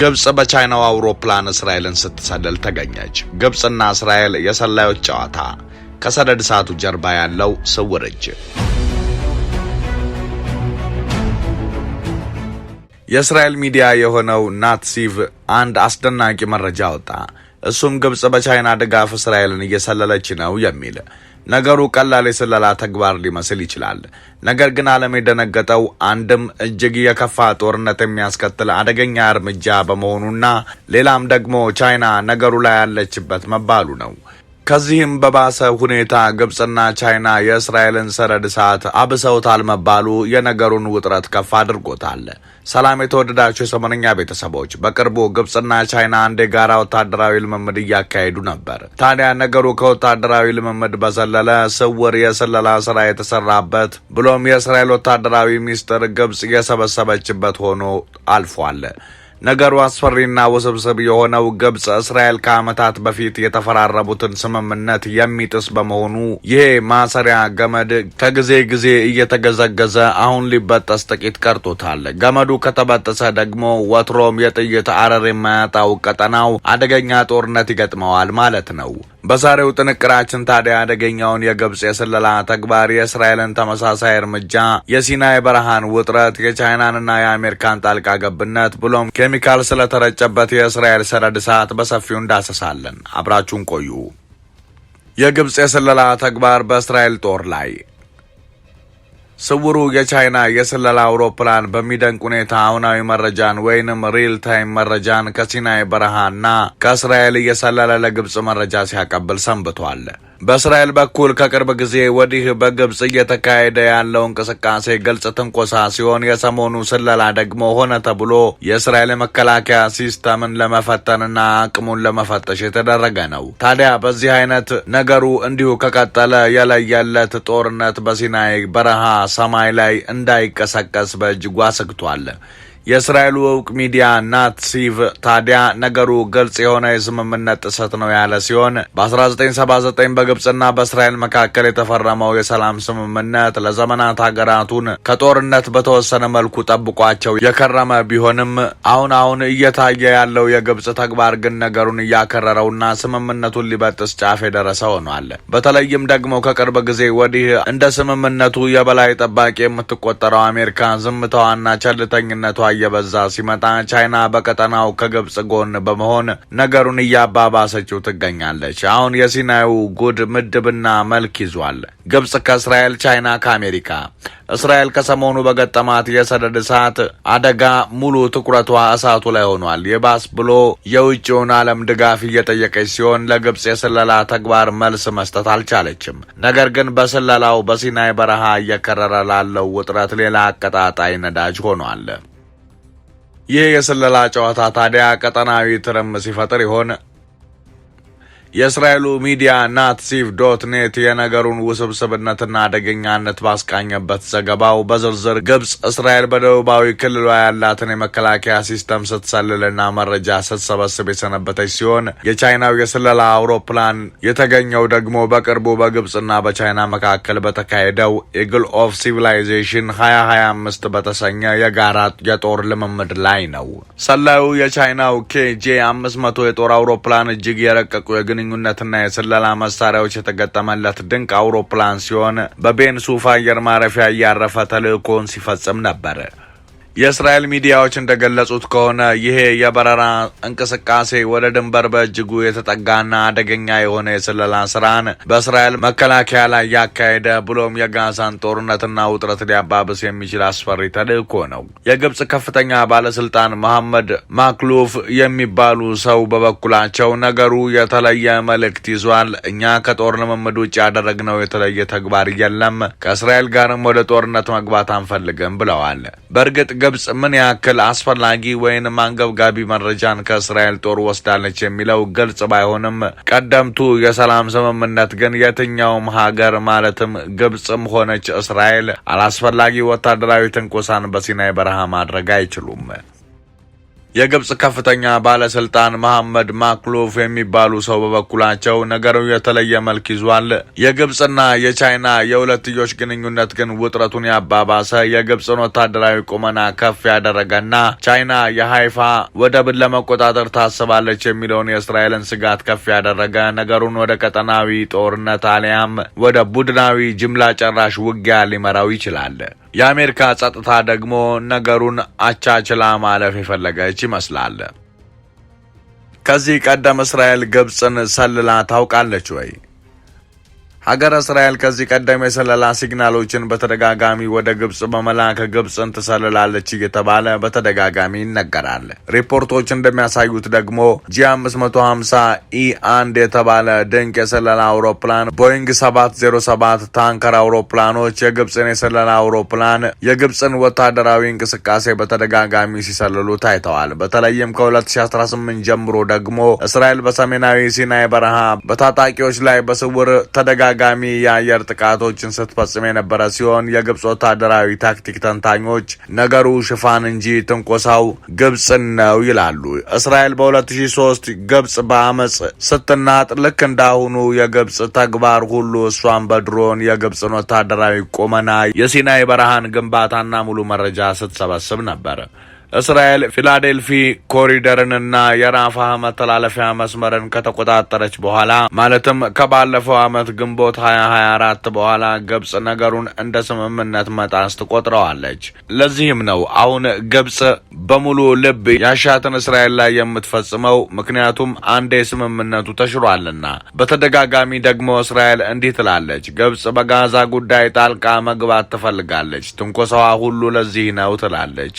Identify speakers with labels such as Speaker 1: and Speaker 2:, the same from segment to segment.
Speaker 1: ግብጽ በቻይናው አውሮፕላን እስራኤልን ስትሰልል ተገኘች። ግብጽና እስራኤል የሰላዮች ጨዋታ፣ ከሰደድ እሳቱ ጀርባ ያለው ስውር እጅ። የእስራኤል ሚዲያ የሆነው ናትሲቭ አንድ አስደናቂ መረጃ አወጣ። እሱም ግብጽ በቻይና ድጋፍ እስራኤልን እየሰለለች ነው የሚል ነገሩ ቀላል የስለላ ተግባር ሊመስል ይችላል። ነገር ግን ዓለም የደነገጠው አንድም እጅግ የከፋ ጦርነት የሚያስከትል አደገኛ እርምጃ በመሆኑና ሌላም ደግሞ ቻይና ነገሩ ላይ ያለችበት መባሉ ነው። ከዚህም በባሰ ሁኔታ ግብፅና ቻይና የእስራኤልን ሰደድ እሳት አብሰውታል መባሉ የነገሩን ውጥረት ከፍ አድርጎታል። ሰላም የተወደዳቸው የሰሞነኛ ቤተሰቦች፣ በቅርቡ ግብፅና ቻይና አንድ የጋራ ወታደራዊ ልምምድ እያካሄዱ ነበር። ታዲያ ነገሩ ከወታደራዊ ልምምድ በዘለለ ስውር የስለላ ስራ የተሰራበት ብሎም የእስራኤል ወታደራዊ ሚስጥር ግብፅ የሰበሰበችበት ሆኖ አልፏል። ነገሩ አስፈሪና ውስብስብ የሆነው ግብጽ እስራኤል ከዓመታት በፊት የተፈራረሙትን ስምምነት የሚጥስ በመሆኑ ይሄ ማሰሪያ ገመድ ከጊዜ ጊዜ እየተገዘገዘ አሁን ሊበጠስ ጥቂት ቀርቶታል። ገመዱ ከተበጠሰ ደግሞ ወትሮም የጥይት አረር የማያጣው ቀጠናው አደገኛ ጦርነት ይገጥመዋል ማለት ነው። በዛሬው ጥንቅራችን ታዲያ አደገኛውን የግብፅ የስለላ ተግባር፣ የእስራኤልን ተመሳሳይ እርምጃ፣ የሲናይ በረሃን ውጥረት፣ የቻይናንና የአሜሪካን ጣልቃ ገብነት ብሎም ኬሚካል ስለተረጨበት የእስራኤል ሰደድ እሳት በሰፊው እንዳሰሳለን። አብራችሁን ቆዩ። የግብፅ የስለላ ተግባር በእስራኤል ጦር ላይ ስውሩ የቻይና የስለላ አውሮፕላን በሚደንቅ ሁኔታ አሁናዊ መረጃን ወይንም ሪል ታይም መረጃን ከሲናይ በረሃና ከእስራኤል እየሰለለ ለግብጽ መረጃ ሲያቀብል ሰንብቷል። በእስራኤል በኩል ከቅርብ ጊዜ ወዲህ በግብጽ እየተካሄደ ያለው እንቅስቃሴ ግልጽ ትንኮሳ ሲሆን የሰሞኑ ስለላ ደግሞ ሆነ ተብሎ የእስራኤል የመከላከያ ሲስተምን ለመፈተንና አቅሙን ለመፈተሽ የተደረገ ነው። ታዲያ በዚህ አይነት ነገሩ እንዲሁ ከቀጠለ የለየለት ጦርነት በሲናይ በረሃ ሰማይ ላይ እንዳይቀሰቀስ በእጅጉ አስግቷል። የእስራኤሉ እውቅ ሚዲያ ናትሲቭ ታዲያ ነገሩ ግልጽ የሆነ የስምምነት ጥሰት ነው ያለ ሲሆን በ1979 በግብጽና በእስራኤል መካከል የተፈረመው የሰላም ስምምነት ለዘመናት ሀገራቱን ከጦርነት በተወሰነ መልኩ ጠብቋቸው የከረመ ቢሆንም አሁን አሁን እየታየ ያለው የግብጽ ተግባር ግን ነገሩን እያከረረውና ስምምነቱን ሊበጥስ ጫፍ የደረሰ ሆኗል። በተለይም ደግሞ ከቅርብ ጊዜ ወዲህ እንደ ስምምነቱ የበላይ ጠባቂ የምትቆጠረው አሜሪካ ዝምታዋና ቸልተኝነቷ እየበዛ ሲመጣ ቻይና በቀጠናው ከግብጽ ጎን በመሆን ነገሩን እያባባሰችው ትገኛለች። አሁን የሲናዩ ጉድ ምድብና መልክ ይዟል። ግብጽ ከእስራኤል፣ ቻይና ከአሜሪካ። እስራኤል ከሰሞኑ በገጠማት የሰደድ እሳት አደጋ ሙሉ ትኩረቷ እሳቱ ላይ ሆኗል። የባስ ብሎ የውጭውን ዓለም ድጋፍ እየጠየቀች ሲሆን ለግብጽ የስለላ ተግባር መልስ መስጠት አልቻለችም። ነገር ግን በስለላው በሲናይ በረሃ እየከረረ ላለው ውጥረት ሌላ አቀጣጣይ ነዳጅ ሆኗል። ይህ የስለላ ጨዋታ ታዲያ ቀጠናዊ ትርምስ ሲፈጥር ይሆን? የእስራኤሉ ሚዲያ ናትሲቭ ዶት ኔት የነገሩን ውስብስብነትና አደገኛነት ባስቃኘበት ዘገባው በዝርዝር ግብጽ እስራኤል በደቡባዊ ክልሏ ያላትን የመከላከያ ሲስተም ስትሰልልና መረጃ ስትሰበስብ የሰነበተች ሲሆን የቻይናው የስለላ አውሮፕላን የተገኘው ደግሞ በቅርቡ በግብጽና በቻይና መካከል በተካሄደው ኢግል ኦፍ ሲቪላይዜሽን 2025 በተሰኘ የጋራ የጦር ልምምድ ላይ ነው። ሰላዩ የቻይናው ኬጄ 500 የጦር አውሮፕላን እጅግ የረቀቁ የግንኙ ግንኙነትና የስለላ መሳሪያዎች የተገጠመለት ድንቅ አውሮፕላን ሲሆን በቤንሱፍ አየር ማረፊያ እያረፈ ተልእኮውን ሲፈጽም ነበር። የእስራኤል ሚዲያዎች እንደገለጹት ከሆነ ይሄ የበረራ እንቅስቃሴ ወደ ድንበር በእጅጉ የተጠጋና አደገኛ የሆነ የስለላ ስራን በእስራኤል መከላከያ ላይ ያካሄደ ብሎም የጋዛን ጦርነትና ውጥረት ሊያባብስ የሚችል አስፈሪ ተልእኮ ነው። የግብጽ ከፍተኛ ባለስልጣን መሐመድ ማክሉፍ የሚባሉ ሰው በበኩላቸው ነገሩ የተለየ መልእክት ይዟል። እኛ ከጦር ልምምድ ውጭ ያደረግነው የተለየ ተግባር የለም። ከእስራኤል ጋርም ወደ ጦርነት መግባት አንፈልግም ብለዋል። በእርግጥ ግብጽ ምን ያክል አስፈላጊ ወይንም አንገብጋቢ መረጃን ከእስራኤል ጦር ወስዳለች የሚለው ግልጽ ባይሆንም ቀደምቱ የሰላም ስምምነት ግን የትኛውም ሀገር ማለትም ግብጽም ሆነች እስራኤል አላስፈላጊ ወታደራዊ ትንኮሳን በሲናይ በረሃ ማድረግ አይችሉም። የግብጽ ከፍተኛ ባለስልጣን መሐመድ ማክሎፍ የሚባሉ ሰው በበኩላቸው ነገሩ የተለየ መልክ ይዟል። የግብጽና የቻይና የሁለትዮሽ ግንኙነት ግን ውጥረቱን ያባባሰ የግብጽን ወታደራዊ ቁመና ከፍ ያደረገና ቻይና የሀይፋ ወደብን ለመቆጣጠር ታስባለች የሚለውን የእስራኤልን ስጋት ከፍ ያደረገ ነገሩን ወደ ቀጠናዊ ጦርነት አሊያም ወደ ቡድናዊ ጅምላ ጨራሽ ውጊያ ሊመራው ይችላል። የአሜሪካ ጸጥታ ደግሞ ነገሩን አቻችላ ማለፍ የፈለገች ይመስላል። ከዚህ ቀደም እስራኤል ግብፅን ሰልላ ታውቃለች ወይ? ሀገረ እስራኤል ከዚህ ቀደም የስለላ ሲግናሎችን በተደጋጋሚ ወደ ግብጽ በመላክ ግብጽን ትሰልላለች እየተባለ በተደጋጋሚ ይነገራል። ሪፖርቶች እንደሚያሳዩት ደግሞ ጂ550 ኢ1 የተባለ ድንቅ የስለላ አውሮፕላን ቦይንግ 707 ታንከር አውሮፕላኖች የግብጽን የስለላ አውሮፕላን የግብጽን ወታደራዊ እንቅስቃሴ በተደጋጋሚ ሲሰልሉ ታይተዋል። በተለይም ከ2018 ጀምሮ ደግሞ እስራኤል በሰሜናዊ ሲናይ በረሃ በታጣቂዎች ላይ በስውር ተደጋ በተደጋጋሚ የአየር ጥቃቶችን ስትፈጽም የነበረ ሲሆን የግብፅ ወታደራዊ ታክቲክ ተንታኞች ነገሩ ሽፋን እንጂ ትንኮሳው ግብፅ ነው ይላሉ። እስራኤል በ2003 ግብፅ በአመፅ ስትናጥ ልክ እንዳሁኑ የግብፅ ተግባር ሁሉ እሷን በድሮን የግብፅን ወታደራዊ ቁመና፣ የሲናይ በረሃን ግንባታና ሙሉ መረጃ ስትሰበስብ ነበር። እስራኤል ፊላዴልፊ ኮሪደርንና የራፋ መተላለፊያ መስመርን ከተቆጣጠረች በኋላ ማለትም ከባለፈው ዓመት ግንቦት 2024 በኋላ ግብጽ ነገሩን እንደ ስምምነት መጣስ ትቆጥረዋለች። ለዚህም ነው አሁን ግብጽ በሙሉ ልብ ያሻትን እስራኤል ላይ የምትፈጽመው፣ ምክንያቱም አንዴ ስምምነቱ ተሽሯልና። በተደጋጋሚ ደግሞ እስራኤል እንዲህ ትላለች፣ ግብጽ በጋዛ ጉዳይ ጣልቃ መግባት ትፈልጋለች፣ ትንኮሳዋ ሁሉ ለዚህ ነው ትላለች።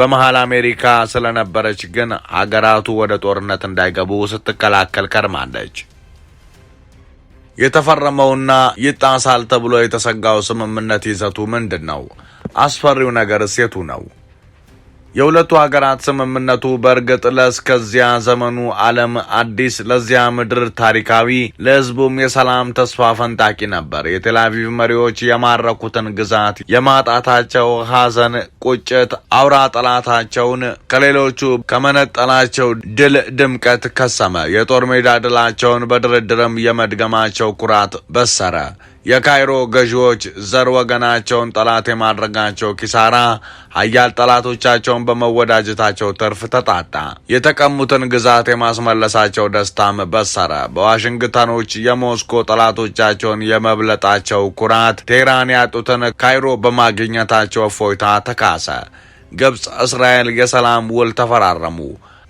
Speaker 1: በመሀል አሜሪካ ስለነበረች ግን አገራቱ ወደ ጦርነት እንዳይገቡ ስትከላከል ከርማለች። የተፈረመውና ይጣሳል ተብሎ የተሰጋው ስምምነት ይዘቱ ምንድን ነው? አስፈሪው ነገር ሴቱ ነው። የሁለቱ ሀገራት ስምምነቱ በእርግጥ ለእስከዚያ ዘመኑ ዓለም አዲስ ለዚያ ምድር ታሪካዊ ለሕዝቡም የሰላም ተስፋ ፈንጣቂ ነበር። የቴልአቪቭ መሪዎች የማረኩትን ግዛት የማጣታቸው ሐዘን፣ ቁጭት አውራ ጠላታቸውን ከሌሎቹ ከመነጠላቸው ድል ድምቀት ከሰመ። የጦር ሜዳ ድላቸውን በድርድርም የመድገማቸው ኩራት በሰረ። የካይሮ ገዢዎች ዘር ወገናቸውን ጠላት የማድረጋቸው ኪሳራ አያል ጠላቶቻቸውን በመወዳጀታቸው ትርፍ ተጣጣ። የተቀሙትን ግዛት የማስመለሳቸው ደስታም በሰረ። በዋሽንግተኖች የሞስኮ ጠላቶቻቸውን የመብለጣቸው ኩራት ቴህራን ያጡትን ካይሮ በማግኘታቸው እፎይታ ተካሰ። ግብፅ፣ እስራኤል የሰላም ውል ተፈራረሙ።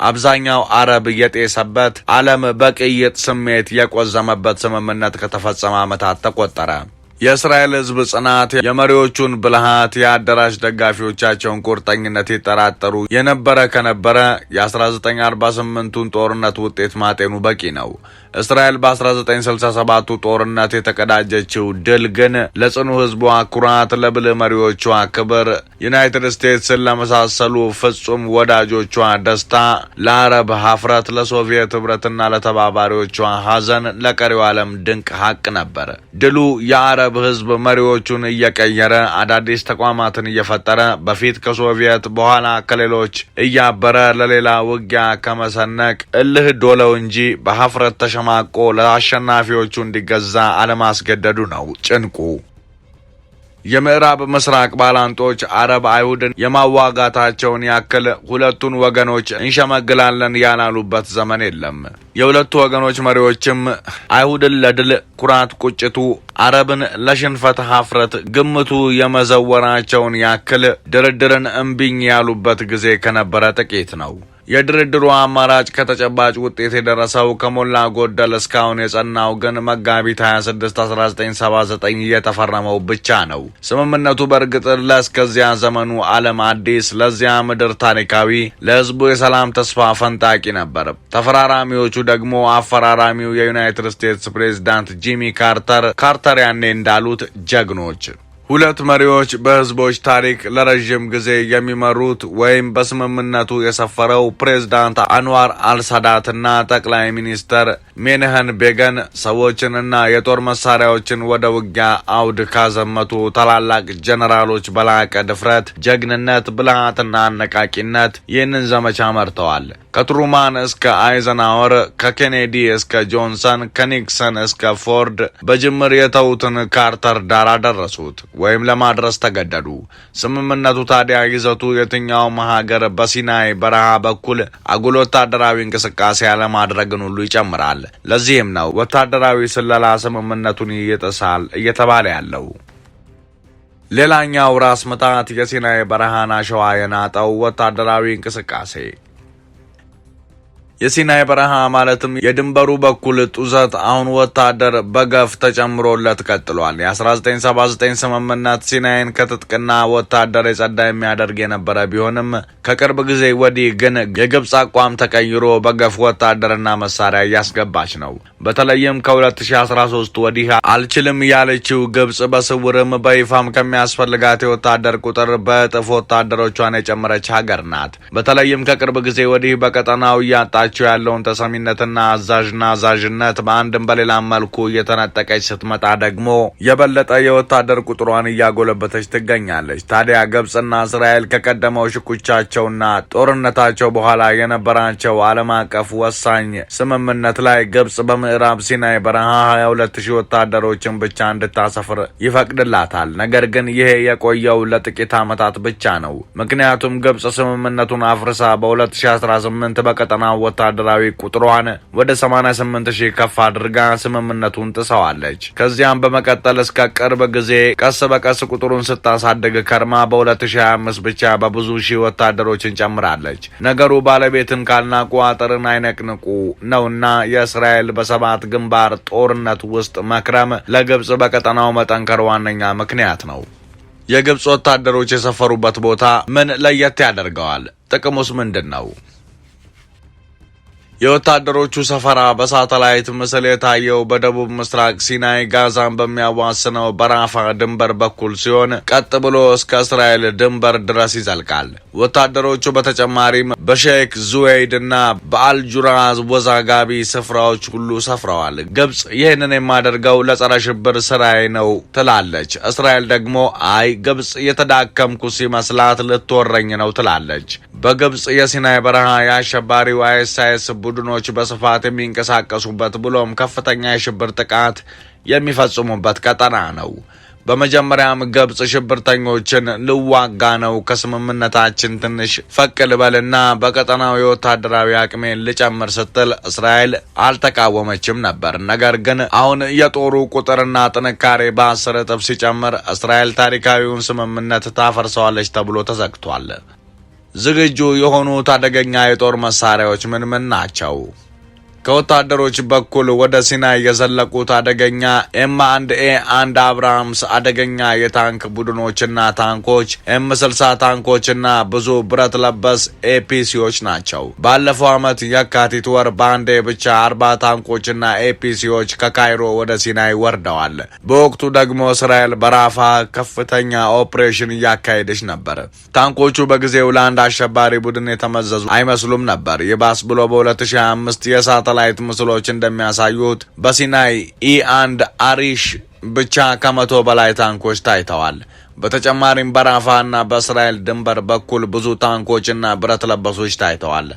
Speaker 1: አብዛኛው አረብ የጤሰበት ዓለም በቅይጥ ስሜት የቆዘመበት ስምምነት ከተፈጸመ ዓመታት ተቆጠረ። የእስራኤል ሕዝብ ጽናት፣ የመሪዎቹን ብልሃት፣ የአዳራሽ ደጋፊዎቻቸውን ቁርጠኝነት ይጠራጠሩ የነበረ ከነበረ የ1948ቱን ጦርነት ውጤት ማጤኑ በቂ ነው። እስራኤል በ1967ቱ ጦርነት የተቀዳጀችው ድል ግን ለጽኑ ህዝቧ ኩራት፣ ለብል መሪዎቿ ክብር፣ ዩናይትድ ስቴትስን ለመሳሰሉ ፍጹም ወዳጆቿ ደስታ፣ ለአረብ ሀፍረት፣ ለሶቪየት ህብረትና ለተባባሪዎቿ ሀዘን፣ ለቀሪው ዓለም ድንቅ ሀቅ ነበር። ድሉ የአረብ ህዝብ መሪዎቹን እየቀየረ አዳዲስ ተቋማትን እየፈጠረ በፊት ከሶቪየት በኋላ ከሌሎች እያበረ ለሌላ ውጊያ ከመሰነቅ እልህ ዶለው እንጂ በሀፍረት ተሸ አሸማቆ ለአሸናፊዎቹ እንዲገዛ አለማስገደዱ ነው ጭንቁ። የምዕራብ ምስራቅ ባላንጦች አረብ አይሁድን የማዋጋታቸውን ያክል ሁለቱን ወገኖች እንሸመግላለን ያላሉበት ዘመን የለም። የሁለቱ ወገኖች መሪዎችም አይሁድን ለድል ኩራት ቁጭቱ፣ አረብን ለሽንፈት ሀፍረት ግምቱ የመዘወራቸውን ያክል ድርድርን እምቢኝ ያሉበት ጊዜ ከነበረ ጥቂት ነው። የድርድሩ አማራጭ ከተጨባጭ ውጤት የደረሰው ከሞላ ጎደል እስካሁን የጸናው ግን መጋቢት 26 1979 እየተፈረመው ብቻ ነው። ስምምነቱ በእርግጥ ለእስከዚያ ዘመኑ ዓለም አዲስ፣ ለዚያ ምድር ታሪካዊ፣ ለሕዝቡ የሰላም ተስፋ ፈንጣቂ ነበር። ተፈራራሚዎቹ ደግሞ አፈራራሚው የዩናይትድ ስቴትስ ፕሬዚዳንት ጂሚ ካርተር ካርተር ያኔ እንዳሉት ጀግኖች ሁለት መሪዎች በህዝቦች ታሪክ ለረዥም ጊዜ የሚመሩት ወይም በስምምነቱ የሰፈረው ፕሬዝዳንት አንዋር አልሳዳትና ጠቅላይ ሚኒስተር ሜንህን ቤገን ሰዎችንና የጦር መሳሪያዎችን ወደ ውጊያ አውድ ካዘመቱ ታላላቅ ጀኔራሎች በላቀ ድፍረት፣ ጀግንነት፣ ብልሃትና አነቃቂነት ይህንን ዘመቻ መርተዋል። ከትሩማን እስከ አይዘናወር፣ ከኬኔዲ እስከ ጆንሰን፣ ከኒክሰን እስከ ፎርድ በጅምር የተዉትን ካርተር ዳር አደረሱት። ወይም ለማድረስ ተገደዱ። ስምምነቱ ታዲያ ይዘቱ የትኛውም ሀገር በሲናይ በረሃ በኩል አጉል ወታደራዊ እንቅስቃሴ አለማድረግን ሁሉ ይጨምራል። ለዚህም ነው ወታደራዊ ስለላ ስምምነቱን ይጥሳል እየተባለ ያለው። ሌላኛው ራስ ምታት የሲናይ በረሃን አሸዋ የናጠው ወታደራዊ እንቅስቃሴ የሲናይ በረሃ ማለትም የድንበሩ በኩል ጡዘት አሁን ወታደር በገፍ ተጨምሮለት ቀጥሏል። የ1979 ስምምነት ሲናይን ከትጥቅና ወታደር የጸዳ የሚያደርግ የነበረ ቢሆንም ከቅርብ ጊዜ ወዲህ ግን የግብፅ አቋም ተቀይሮ በገፍ ወታደርና መሳሪያ እያስገባች ነው። በተለይም ከ2013 ወዲህ አልችልም ያለችው ግብፅ በስውርም በይፋም ከሚያስፈልጋት የወታደር ቁጥር በእጥፍ ወታደሮቿን የጨመረች ሀገር ናት። በተለይም ከቅርብ ጊዜ ወዲህ በቀጠናው እያጣ በውስጣቸው ያለውን ተሰሚነትና አዛዥና አዛዥነት በአንድም በሌላም መልኩ እየተነጠቀች ስትመጣ ደግሞ የበለጠ የወታደር ቁጥሯን እያጎለበተች ትገኛለች። ታዲያ ግብጽና እስራኤል ከቀደመው ሽኩቻቸውና ጦርነታቸው በኋላ የነበራቸው ዓለም አቀፍ ወሳኝ ስምምነት ላይ ግብጽ በምዕራብ ሲናይ በረሃ 22 ሺህ ወታደሮችን ብቻ እንድታሰፍር ይፈቅድላታል። ነገር ግን ይሄ የቆየው ለጥቂት ዓመታት ብቻ ነው። ምክንያቱም ግብጽ ስምምነቱን አፍርሳ በ2018 በቀጠናው ወታደራዊ ቁጥሯን ወደ 88 ሺህ ከፍ አድርጋ ስምምነቱን ጥሰዋለች። ከዚያም በመቀጠል እስከ ቅርብ ጊዜ ቀስ በቀስ ቁጥሩን ስታሳድግ ከርማ በ2025 ብቻ በብዙ ሺህ ወታደሮችን ጨምራለች። ነገሩ ባለቤትን ካልናቁ አጥርን አይነቅንቁ ነውና የእስራኤል በሰባት ግንባር ጦርነት ውስጥ መክረም ለግብጽ በቀጠናው መጠንከር ዋነኛ ምክንያት ነው። የግብጽ ወታደሮች የሰፈሩበት ቦታ ምን ለየት ያደርገዋል? ጥቅሙስ ምንድን ነው? የወታደሮቹ ሰፈራ በሳተላይት ምስል የታየው በደቡብ ምስራቅ ሲናይ ጋዛን በሚያዋስነው በራፋ ድንበር በኩል ሲሆን ቀጥ ብሎ እስከ እስራኤል ድንበር ድረስ ይዘልቃል። ወታደሮቹ በተጨማሪም በሼክ ዙዌይድ እና በአልጁራ ወዛጋቢ ስፍራዎች ሁሉ ሰፍረዋል። ግብጽ ይህንን የማደርገው ለጸረ ሽብር ስራዬ ነው ትላለች። እስራኤል ደግሞ አይ ግብጽ የተዳከምኩ ሲመስላት ልትወረኝ ነው ትላለች። በግብጽ የሲናይ በረሃ የአሸባሪው አይኤስአይኤስ ቡድኖች በስፋት የሚንቀሳቀሱበት ብሎም ከፍተኛ የሽብር ጥቃት የሚፈጽሙበት ቀጠና ነው። በመጀመሪያም ግብጽ ሽብርተኞችን ልዋጋ ነው፣ ከስምምነታችን ትንሽ ፈቅ ልበልና በቀጠናው የወታደራዊ አቅሜን ልጨምር ስትል እስራኤል አልተቃወመችም ነበር። ነገር ግን አሁን የጦሩ ቁጥርና ጥንካሬ በአስር እጥፍ ሲጨምር እስራኤል ታሪካዊውን ስምምነት ታፈርሰዋለች ተብሎ ተዘግቷል። ዝግጁ የሆኑት አደገኛ የጦር መሳሪያዎች ምን ምን ናቸው? ከወታደሮች በኩል ወደ ሲናይ የዘለቁት አደገኛ ኤም አንድ ኤ አንድ አብርሃምስ አደገኛ የታንክ ቡድኖችና ታንኮች ኤም ስልሳ ታንኮችና ብዙ ብረት ለበስ ኤፒሲዎች ናቸው። ባለፈው ዓመት የካቲት ወር በአንዴ ብቻ አርባ ታንኮችና ኤፒሲዎች ከካይሮ ወደ ሲናይ ወርደዋል። በወቅቱ ደግሞ እስራኤል በራፋ ከፍተኛ ኦፕሬሽን እያካሄደች ነበር። ታንኮቹ በጊዜው ለአንድ አሸባሪ ቡድን የተመዘዙ አይመስሉም ነበር። ይባስ ብሎ በ2025 የሳተ ሳተላይት ምስሎች እንደሚያሳዩት በሲናይ ኢ አንድ አሪሽ ብቻ ከመቶ በላይ ታንኮች ታይተዋል። በተጨማሪም በራፋና በእስራኤል ድንበር በኩል ብዙ ታንኮችና ብረት ለበሶች ታይተዋል።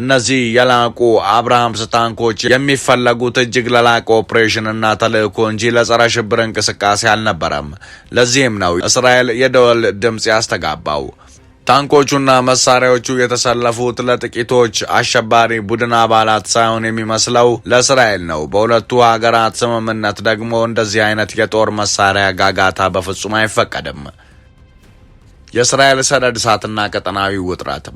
Speaker 1: እነዚህ የላቁ አብርሃምስ ታንኮች የሚፈለጉት እጅግ ለላቀ ኦፕሬሽንና ተልእኮ እንጂ ለጸረ ሽብር እንቅስቃሴ አልነበረም። ለዚህም ነው እስራኤል የደወል ድምፅ ያስተጋባው። ታንኮቹና መሳሪያዎቹ የተሰለፉት ለጥቂቶች አሸባሪ ቡድን አባላት ሳይሆን የሚመስለው ለእስራኤል ነው። በሁለቱ ሀገራት ስምምነት ደግሞ እንደዚህ አይነት የጦር መሳሪያ ጋጋታ በፍጹም አይፈቀድም። የእስራኤል ሰደድ እሳትና ቀጠናዊ ውጥረት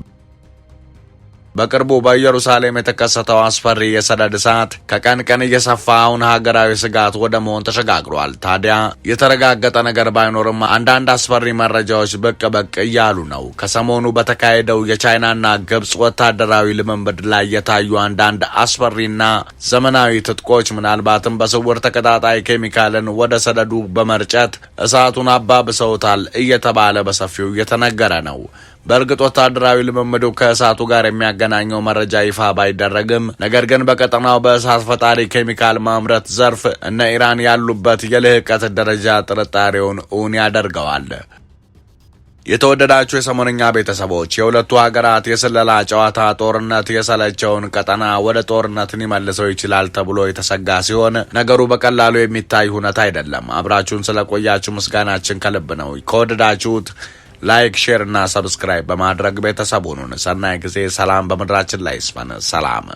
Speaker 1: በቅርቡ በኢየሩሳሌም የተከሰተው አስፈሪ የሰደድ እሳት ከቀን ቀን እየሰፋ አሁን ሀገራዊ ስጋት ወደ መሆን ተሸጋግሯል። ታዲያ የተረጋገጠ ነገር ባይኖርም አንዳንድ አስፈሪ መረጃዎች ብቅ ብቅ እያሉ ነው። ከሰሞኑ በተካሄደው የቻይናና ግብጽ ወታደራዊ ልምምድ ላይ የታዩ አንዳንድ አስፈሪና ዘመናዊ ትጥቆች ምናልባትም በስውር ተቀጣጣይ ኬሚካልን ወደ ሰደዱ በመርጨት እሳቱን አባብሰውታል እየተባለ በሰፊው እየተነገረ ነው። በእርግጥ ወታደራዊ ልምምዱ ከእሳቱ ጋር የሚያገናኘው መረጃ ይፋ ባይደረግም፣ ነገር ግን በቀጠናው በእሳት ፈጣሪ ኬሚካል ማምረት ዘርፍ እነ ኢራን ያሉበት የልህቀት ደረጃ ጥርጣሬውን እውን ያደርገዋል። የተወደዳችሁ የሰሞነኛ ቤተሰቦች የሁለቱ ሀገራት የስለላ ጨዋታ ጦርነት የሰለቸውን ቀጠና ወደ ጦርነት ሊመልሰው ይችላል ተብሎ የተሰጋ ሲሆን ነገሩ በቀላሉ የሚታይ ሁነት አይደለም። አብራችሁን ስለቆያችሁ ምስጋናችን ከልብ ነው። ከወደዳችሁት ላይክ፣ ሼር እና ሰብስክራይብ በማድረግ ቤተሰቡን ሰናይ ጊዜ። ሰላም በምድራችን ላይ ይስፈን። ሰላም